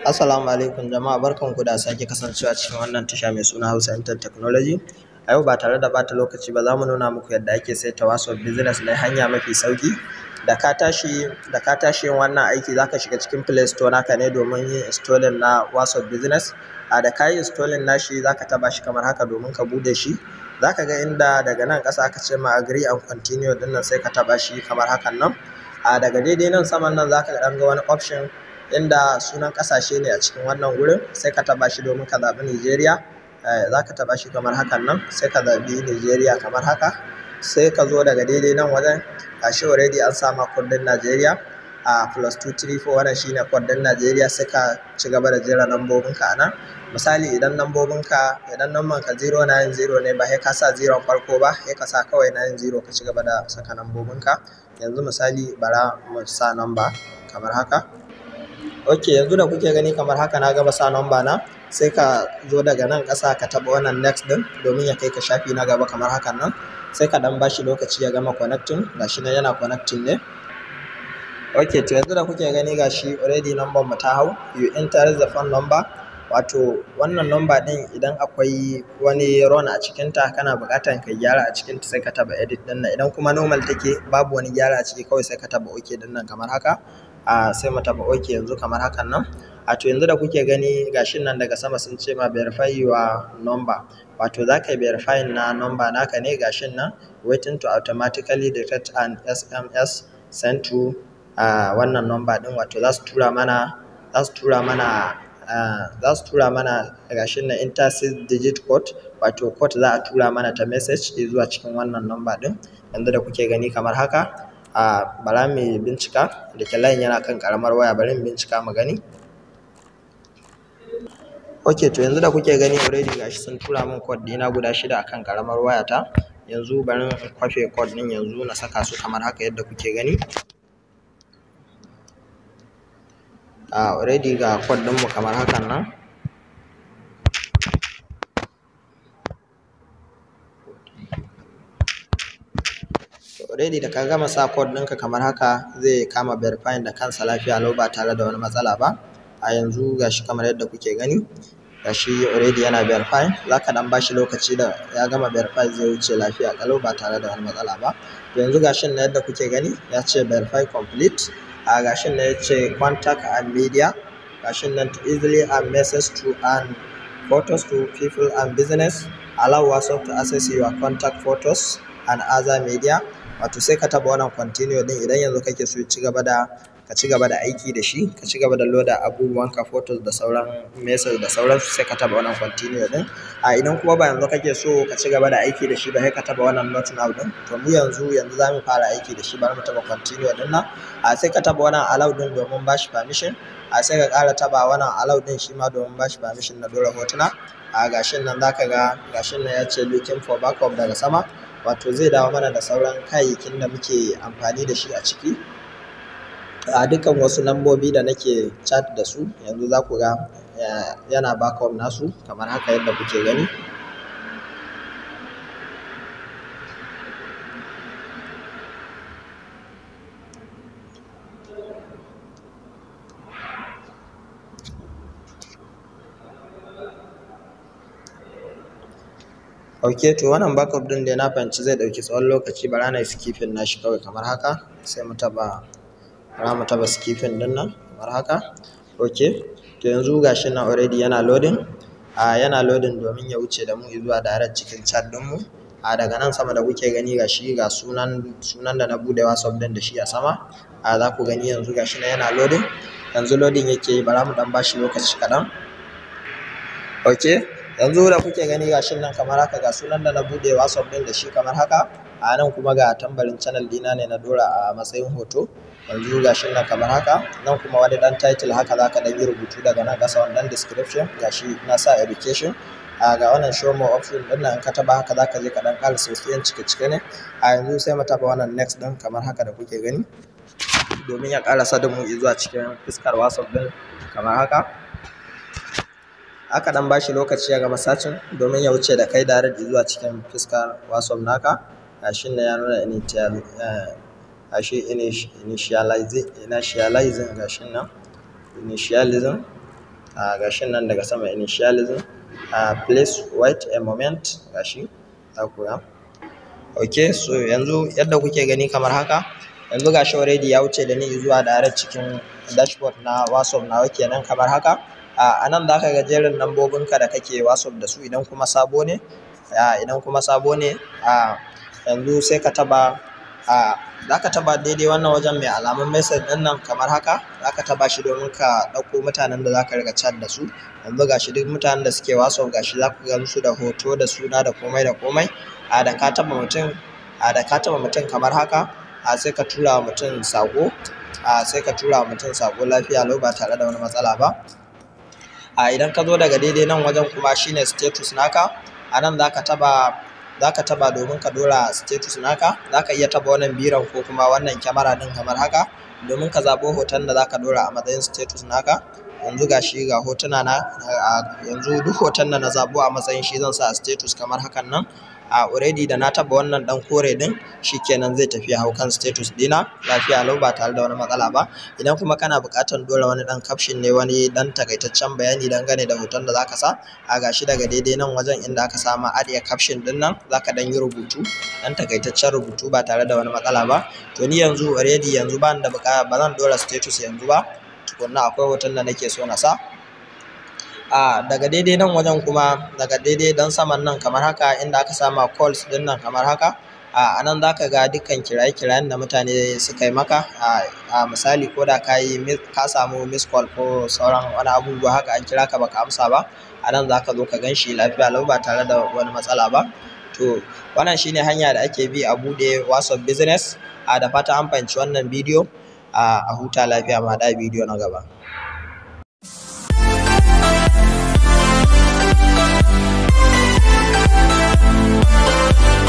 Assalamu alaikum jama'a barkanku da sake kasancewa cikin wannan tasha mai suna Hausa Inter Technology. A yau ba tare da bata lokaci ba za mu nuna muku yadda ake saita wasu business na hanya mafi sauki. Da ka tashi da ka tashi yin wannan aiki zaka shiga cikin Play Store naka ne domin yin installing na wasu business. A da ka yi installing nashi zaka taba shi kamar haka domin ka bude shi. Zaka ga inda daga nan ƙasa aka ce ma agree and continue dinnan sai ka taba shi kamar hakan nan. A daga daidai nan saman nan zaka ga ɗan ga wani option inda sunan kasashe ne a cikin wannan wurin, sai ka taɓa shi domin ka zaɓi Nijeriya eh, za ka taɓa shi kamar hakan nan sai ka zaɓi Nijeriya kamar haka sai ka zo daga daidai nan wajen gashi already an sama kundin Najeriya a plus 234 wannan shine kundin Najeriya sai ka ci gaba da jira lambobin ka nan misali idan lambobin ka idan nan ka 090 ne ba sai ka sa farko ba sai ka sa kawai 90 ka ci gaba da saka lambobin ka yanzu misali bara mu sa ba kamar haka ok yanzu da kuke gani kamar haka na gaba sa nomba na sai ka zo daga nan ƙasa ka taba wannan next din domin ya kai ka shafi na gaba kamar hakan nan sai ka dan bashi lokaci ya gama connecting gashi nan yana connecting ne ok to yanzu da kuke gani gashi already number mu ta hau you enter the phone number wato wannan number din idan akwai wani run a cikinta kana buƙatar ka gyara a cikinta sai ka taɓa edit din nan idan kuma normal take babu wani gyara a ciki kawai sai ka taba ok din nan kamar haka a sai mu tafi oke yanzu kamar hakan nan a to yanzu da kuke gani gashin nan daga sama sun ce ma verify your number wato za ka yi na number naka ne gashin nan waiting to automatically detect an sms sent to a wannan number din wato za su tura mana za su tura mana za su tura mana gashin nan inter six digit code wato code za a tura mana ta message zuwa cikin wannan number din yanzu da kuke gani kamar haka a bara mu bincika da ke layin yana kan karamar waya bari mu bincika mu gani ok to yanzu da kuke gani already shi sun tura min code ɗina guda shida akan ƙaramar wayata yanzu bari in kwafe code ɗin yanzu na saka su kamar haka yadda kuke gani a already ga code ɗinmu kamar hakan nan already da ka gama sa code ɗinka kamar haka zai kama verifying da kansa lafiya lau ba tare da wani matsala ba a yanzu gashi kamar yadda kuke gani gashi already yana verifying za ka dan bashi lokaci da ya gama verify zai wuce lafiya kalau ba tare da wani matsala ba yanzu gashin na yadda kuke gani ya ce verify complete a gashin na ya ce contact and media gashin nan to easily and message to and photos to people and business allow WhatsApp to access your contact photos and other media wato sai ka taba wannan continue ɗin idan yanzu kake so ci gaba da ka ci gaba da aiki da shi ka ci gaba da loda abubuwanka photos da sauran message da sauransu sai ka taba wannan continue din a idan kuma ba yanzu kake so ka ci gaba da aiki da shi ba sai ka taba wannan not now din to mu yanzu yanzu za mu fara aiki da shi bari mu taba continue din nan a sai ka taba wannan allow din domin bashi permission a sai ka kara taba wannan allow din shi ma domin bashi permission na dora hotuna a gashin nan zaka ga gashin nan ya ce looking for backup daga sama wato zai dawo mana da sauran kayayyakin da muke amfani da shi a ciki a dukkan wasu lambobi da nake chat da su yanzu za ku ga eh, yana backup nasu kamar haka yadda kuke gani ok to wannan backup din da na fahimci zai dauki tsawon lokaci bara na skipping nashi kawai kamar haka sai mu taba bara mu taba skipping din nan kamar haka ok to yanzu gashi nan already yana loading a yana loading domin ya wuce da mu zuwa direct cikin chat din mu a daga nan sama da kuke gani ga shi ga sunan sunan da na bude whatsapp din da shi a sama a za ku gani yanzu gashi nan yana loading yanzu loading yake yi bara mu dan bashi lokaci kaɗan ok yanzu da kuke gani ga shin nan kamar haka ga sunan da na bude whatsapp ɗin da shi kamar haka a nan kuma ga tambarin channel dina ne na dora a matsayin hoto yanzu ga shi nan kamar haka nan kuma wani dan title haka zaka ka yi rubutu daga nan kasa wannan description ga shi na sa education a ga wannan show more option ɗin nan ka taba haka zaka je ka ɗan ƙara sosai cike cike ne a yanzu sai mu taɓa wannan next din kamar haka da kuke gani domin ya ƙara sada da mu zuwa cikin fuskar whatsapp ɗin kamar haka aka ɗan bashi lokaci ya gama sacin domin ya wuce da kai da rabi zuwa cikin fiskar wasom naka gashin na ya nuna initial eh, gashi initializing gashin nan initialism a gashin nan daga sama initialism a place wait a moment gashi za ku ga ok so yanzu yadda kuke gani kamar haka yanzu gashi already ya wuce da ni zuwa da cikin dashboard na whatsapp nawa kenan kamar haka a nan za ka ga jerin lambobinka da kake whatsapp da su idan kuma sabo ne idan kuma sabo ne a yanzu sai ka taba a za ka taba daidai wannan wajen mai alamun message din nan kamar haka za ka taba shi domin ka ɗauko mutanen da za ka riga chat da su yanzu ga shi duk mutanen da suke whatsapp ga shi za ku ga musu da hoto da suna da komai da komai a da ka taba mutum a da ka taba mutum kamar haka a sai ka tura mutum sako a sai ka tura wa mutum sako lafiya lau ba tare da wani matsala ba a idan ka zo daga daidai nan wajen kuma shine status naka a nan za ka taba za ka taba domin ka dora status naka za ka iya taba wannan biran ko kuma wannan kyamara din kamar haka domin ka zaɓo hoton da za ka dora a matsayin status naka yanzu ga ga hotuna na yanzu duk hoton da na zaɓo a matsayin shi zan sa status kamar hakan nan a already da na taba wannan dan kore din shikenan zai tafi hau kan status dina lafiya lau ba tare da wani matsala ba idan kuma kana bukatan dole wani dan caption ne wani dan takaitaccen bayani dangane da hoton da zaka sa a gashi daga daidai nan wajen inda aka sama adiya caption din nan zaka dan yi rubutu dan takaitaccen rubutu ba tare da wani matsala ba to ni yanzu already yanzu ba da ba zan dora status yanzu ba tukunna akwai hoton da nake so na sa a daga daidai nan wajen kuma daga daidai dan saman nan kamar haka inda aka sama calls din nan kamar haka a nan za ka ga dukkan kiraye-kirayen da mutane suka yi maka a misali ko da ka yi ka samu miss call ko sauran wani abubuwa haka an kira ka baka amsa ba a nan za ka zo ka gan shi lafiya lau ba tare da wani matsala ba to wannan shine hanya da ake bi a bude whatsapp business a da fata an fahimci wannan bidiyo a huta lafiya ma da bidiyo na gaba Thank you.